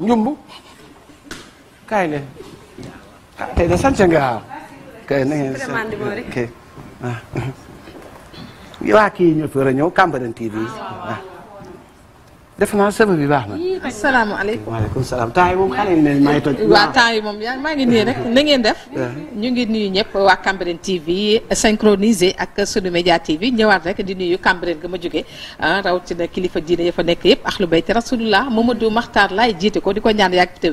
njumbu kaay leen ah tey kay na ngeen sant kay ah. waa kii ñoo fi war a ñëw Cambérène TV ah, def naa sëb bi baax na. asalaamaaleykum waaleykum salaam temps moom xale yi ne may temps yi moom yaa maa ngi nii rek na ngeen def. ñu ngi nuyu ñëpp waa Cambérène TV synchronisé ak sunu média TV ñëwaat rek di nuyu Cambérène ga ma jógee ah, rawatina kilifa diine ya fa nekk yëpp ahlu bayti rasulullah Mamadou Makhtar laay jiite ko di ko ñaan yàgg te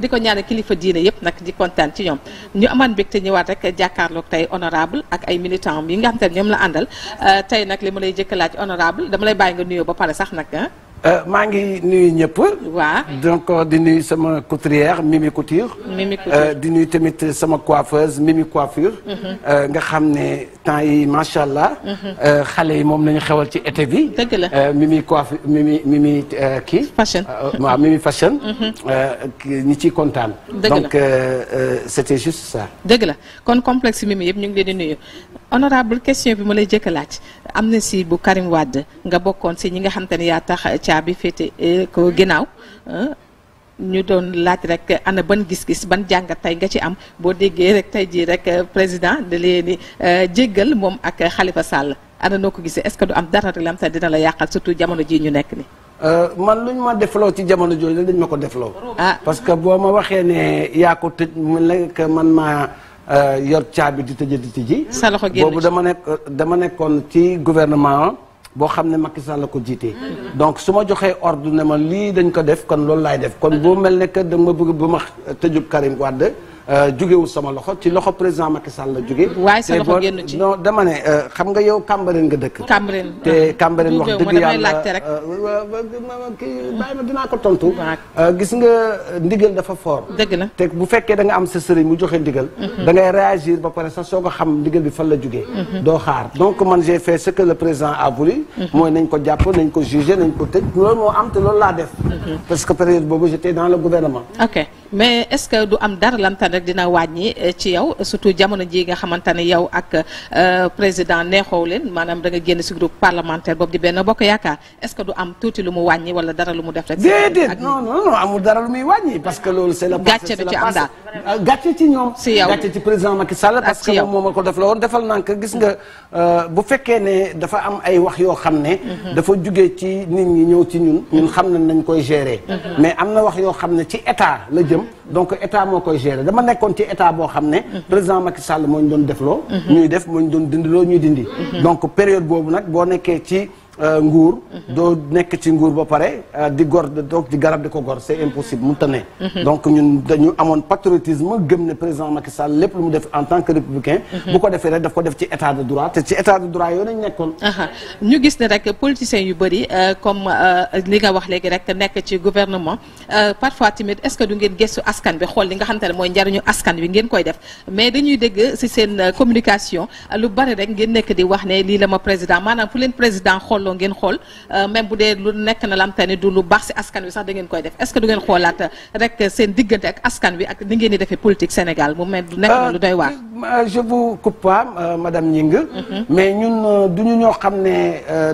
di ko ñaan kilifa diine yëpp nag di kontaan ci ñoom ñu amaat mbégte ñëwaat rek jàkkaarloog tey honorable ak ay militant yi nga xam te ne ñoom la àndal ah, tey nag li ma lay jëkk laaj honorable dama lay bàyyi nga nuyoo ba pare sax nag ah. Euh, maa ngi nuyu ñëpp. waaw donc euh, di nuy sama couturière Mimi Couture. Mimi euh, di nuy tamit sama coiffeuse Mimi Coiffure. Mhm. nga xam ne temps yi macha allah. Mhm. xale yi moom la ñu xewal ci été bi. dëgg la Mimi coiffure Mimi Mimi kii. fashion waaw Mimi fashion. Mhm. ñi ciy kontaan. dëgg la donc c'était juste ça. dëgg la kon complexe Mimi yëpp ñu ngi leen di nuyu. honorable question bi ma lay jëkk laaj am na si bu Karim Wade nga bokkoon si ñi nga xam te ne yaa tax caabi féete eh, ko ginnaaw eh, ñu doon laaj rek ana ban gis-gis ban jàngat tey nga ci am boo déggee rek tey jii rek eh, président da leen di jéggal moom ak Khalifa Sall ana noo ko gisee est-ce que du am dara rek la am te dina la yàqal surtout jamono jii ñu nekk ni man lu ñu ma loo ci jamono jooju dañ ma ko defloo. ah parce que boo ma waxee ne yaa man maa. Euh, yor caabi di tëjee di tëjee. sa loxo génn boobu dama nekk dama nekkoon ci gouvernement boo xam ne Macky Sall la ko jiitee donc su ma joxee ordre ne ma lii dañ ko def kon loolu laay def kon boo mel nekk que dama bëgg ba ma tëjub Karim Wade. Euh, jugewul sama loxo ci loxo président Macky Sall la jugee. waaye sa loxo génn ci non euh, xam nga yow Cambérène nga dëkk. Cambérène te ah, Cambérène wax dëgg yàlla euh, bàyyi ma dinaa ko tontu. gis nga ndigal dafa fort. dëgg na te bu fekkee da nga am sa sëriñ mu joxe ndigal. Mhm. da ngay réagir ba pare sax soo ko xam ndigal bi fan la jugee. Mhm. doo xaar donc man j'ai fait ce que le président a mhm. mooy nañ ko jàpp nañ ko jugé nañ ko tëj loolu moo am te loolu laa def. parce que période boobu j'étais dans le gouvernement. mais est-ce que du am dara lantan rek dina wàññi eh, ci yow surtout jamono ji nga xamante ne yow ak eh, président neexoow leen maanaam da nga génn si groupe parlementaire boobu di benn bokk yaakaar est-ce que du am tuuti lu mu wàññi wala dara lu mu def rek. déedéet non non muy wàññi parce que loolu c'est la. gàcce du ci am daal ah, gàcce ci ñoom. si yow gàcce ci président Macky Sall. parce que moom moo ko def la woon defal naa ko gis nga euh, bu fekkee ne dafa am ay wax yoo xam ne. Mhm. dafa jugee ci nit ñi ñëw ci ñun. ñun xam nañ nañ koy gérer. Mhm. mais am na wax yoo xam ne ci état la jëm. donc état moo koy gérer dama nekkoon ci état boo xam ne président Macky Sall moo ñu doon defloo ñuy def moo ñu doon dindiloo ñuy dindi mhm. donc période boobu nag boo nekkee ci Euh, nguur doo nekk ci nguur ba pare euh, di gor toog di garab di ko gor c'est impossible mu tane mhm. donc ñun amoon patriotisme gëm ne président Macky lépp lu mu def en tant que républicain mhm. bu ko defee rek daf ko def ci état de droit te ci état de droit yooyu nañ nekkoon ñu gis ne rek politiciens yu bëri euh, comme li nga wax léegi rek nekk ci gouvernement parfois tamit est-ce que du ngeen gëstu askan bi xool li nga xamante ne mooy njariñu askan bi ngeen koy def mais dañuy dégg ci di wax ne lii la ma jàkkaarloo ngeen xool euh, même bu dee lu nekk na lamte ne du lu baax si askan wi sax da ngeen koy def est-ce que du ngeen xoolaat euh, rek seen diggante ak askan wi ak ni ngeen di defee politique Sénégal mu mel du nekk lu doy waar Euh, je vous coupe pas euh, madame Gningue. Mhm. mais ñun euh, du ñu ñoo xam ne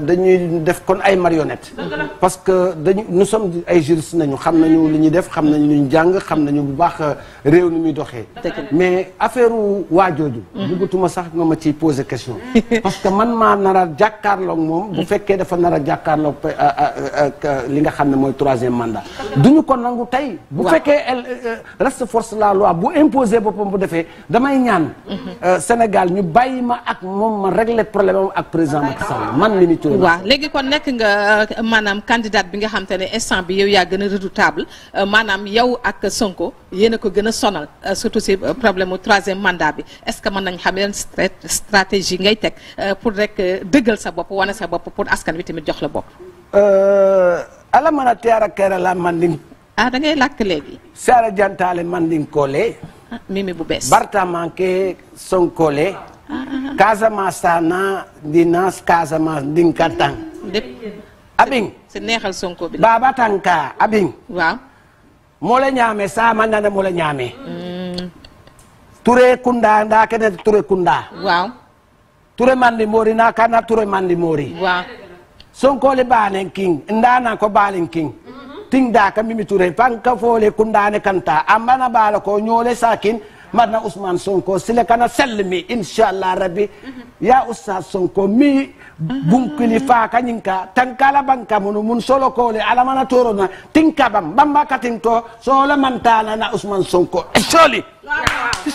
dañuy def kon ay marionnettes. parce que dañu nous sommes ay juristes nañu xam nañu mhm. li ñuy def xam nañu lu ñu jàng xam nañu bu baax réew ni muy doxee. mais affaire waajooju bëggatuma mhm. sax nga ma ciy poser question. parce que man maa nar a jàkkaarloog moom. bu fekkee dafa nar a jàkkaarloog li nga xam ne mooy troisième mandat. du ñu ko nangu tey. bu fekkee reste force la loi bu imposer boppam bu defee damay ñaan. Euh, Sénégal ñu bàyyi ma ak moom ma régler problème am ak président Macky Sall man li ñu turee. léegi kon nekk nga euh, maanaam candidat bi nga xam te ne instant bi yow yaa gën a redoutable euh, maanaam yow ak Sonko yéen a ko gën a sonal surtout si problème troisième mandat bi est-ce que man nañ xam yan stratégie ngay teg pour rek dëggal sa bopp wane sa bopp pour askan wi tamit jox la bopp. ala mën a teer a keer man di. làkk léegi. Sara Jantaale man di Kole. mimi Sonkole. Ah. Casamance na dinas Casamance dinkatang. lépp abing Baba Tanka abing. waaw. moo la ñaame ne moo la ñaame. Hmm. Touré ndaa kene Touré Kunda. waaw. mandi mori naa kana Touré mandi mori. Sonkole baanen king ndaa naa ko tindaka Mimi Touré panka fole kundane kanta amana bala ko ñole sakin madna Ousmane Sonko sile kana sell mi inchallah rabbi mhm. ya Oustaz Sonko mi bunkili faka ñinka tankala banka munu mun solo kole alamana torona tinka bam bamba katin to solo mantana na Ousmane Sonko soli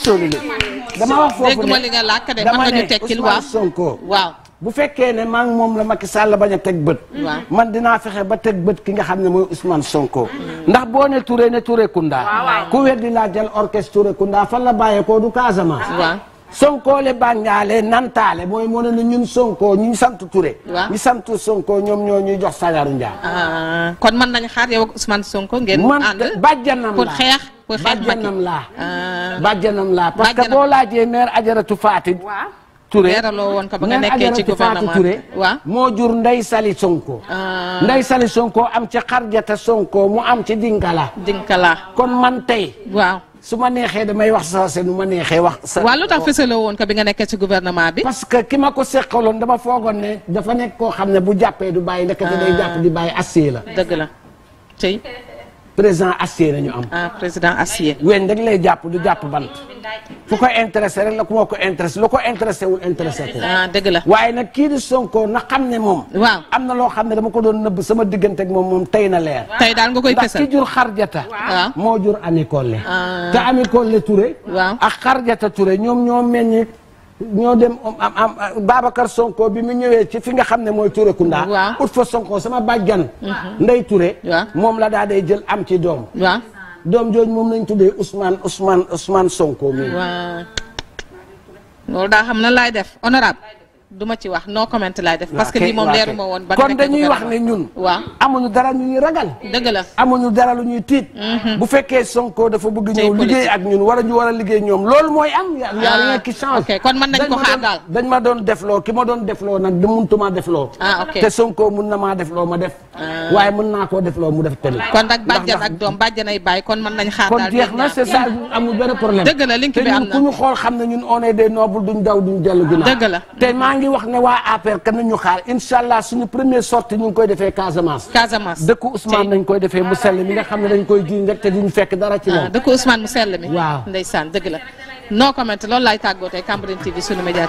soli dama wax foofu dama ne Ousmane Sonko waaw bu fekkee ne maa moom la Macky Sall la bañ a teg bët. man dinaa fexe ba teg bët ki nga xam ne mooy Ousmane Sonko. Mm. ndax boo ne Touré ne Touré Kunda. ku weddi laa jël orchestre Touré Kunda fan la bàyyeekoo du Casamance. Sonko le bànjaale nantaale mooy moo ne ne ñun Sonko ñu sant Touré. ñu sant Sonko ñoom ñoo ñuy jox sagaru njaam. Ah, kon mën nañu xaar yow Sonko ngeen. ànd man bàjjanam pour xeex. pour xeex bàjjanam laa. Ah. bàjjanam laa parce que boo laajee maire Ajaratu Fatick. Touré leeraloo woon ko ba nga nekkee ci gouvernement moo jur Ndeye Sali Sonko ah. Ndeye Sali Sonko am ci Xarjata Sonko mu am ci Dinkala Dinkala kon man tey waa su ma neexee damay wax saase nu ma neexee wax sa waaw lu tax fësaloo woon ko bi nga nekkee ci gouvernement bi parce que ki ma ko seqaloon dama foogoon ne dafa nekk koo xam ne bu jàppee du bàyyi ndekete day jàpp di bàyyi assee la dëgg la président acier la ñu am. Ah, président acier. weñ rek lay jàpp du jàpp bant. fu ko intéressé rek la ku moo ko intéressé lu ko intéressé wul intéressé ko. ah la waaye nag kii di Sonko na xam ne moom. waaw am na loo xam ne dama ko doon nëbb sama diggante moom moom tey na leer. tey daal nga koy fesal ndax ki jur xarjata. waaw moo jur Ami Collé. Ah. te Ami Collé Touré. waaw ak xarjata Touré ñoom ñoo meññ. ñoo dem am am Babacar Sonko bi mu ñëwee ci fi nga xam ne mooy Touré Kunda. waaw ut fa Sonko sama bàjjan. Mhm. Ndey Touré. moom la daa day jël am ci doom. waaw doom jooju moom lañ tuddee Ousmane Ousmane Ousmane Sonko mi. waaw loolu daa laay def honorable duma ci wax non comment laay def. parce que lii moom leeruma woon. ban kon dañuy wax ne ñun. waaw amuñu dara ñu ñuy ragal. dëgg la amuñu dara lu ñuy tiit. Mm-hmm. bu fekkee Sonko dafa bëgg ñëw liggéey ak ñun war a ñu war a liggéey ñoom loolu mooy am. y' a ah, kon man nañ ko xaar daal dañ ma doon defloo ki ma doon defloo nag du muntuma defloo. ah ok te Sonko mun na maa defloo ma def. Ah. waaye mën naa koo def loolu mu def tamit. kon nag bàjjan ak doom bàjjanay bàyyi kon mën nañ xaar daal kon jeex na c'est ça la na te ñun ku ñu xool xam ne ñun on est des nobles duñ daw maa ngi wax ne waa APR kan ñu xaar incha allah suñu première sortie ñu ngi koy defee Casamance. Casamance dëkku Ousmane nañ koy defee mu sell mi nga xam ne dañ koy jiiñ rek te duñ fekk dara ci moom. Ah, dëkku Ousmane mu sell mi. waaw saan dëgg la. non comment loolu laay tàggoo tey Cambérène TV sunu média